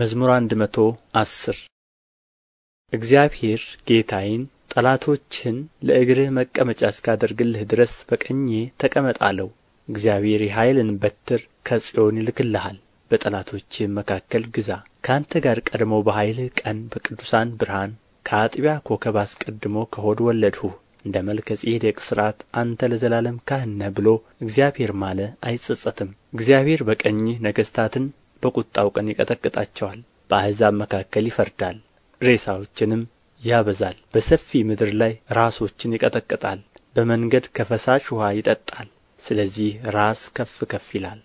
መዝሙር መቶ አስር እግዚአብሔር ጌታዬን ጠላቶችህን ለእግርህ መቀመጫ እስካደርግልህ ድረስ በቀኜ ተቀመጣለሁ። እግዚአብሔር የኃይልን በትር ከጽዮን ይልክልሃል፣ በጠላቶችህም መካከል ግዛ። ከአንተ ጋር ቀድሞ በኃይልህ ቀን በቅዱሳን ብርሃን ከአጥቢያ ኮከብ አስቀድሞ ከሆድ ወለድሁ። እንደ መልከ ጼዴቅ ሥርዓት አንተ ለዘላለም ካህን ነህ ብሎ እግዚአብሔር ማለ አይጸጸትም። እግዚአብሔር በቀኝህ ነገሥታትን በቁጣው ቀን ይቀጠቅጣቸዋል በአሕዛብ መካከል ይፈርዳል ሬሳዎችንም ያበዛል በሰፊ ምድር ላይ ራሶችን ይቀጠቅጣል በመንገድ ከፈሳሽ ውኃ ይጠጣል ስለዚህ ራስ ከፍ ከፍ ይላል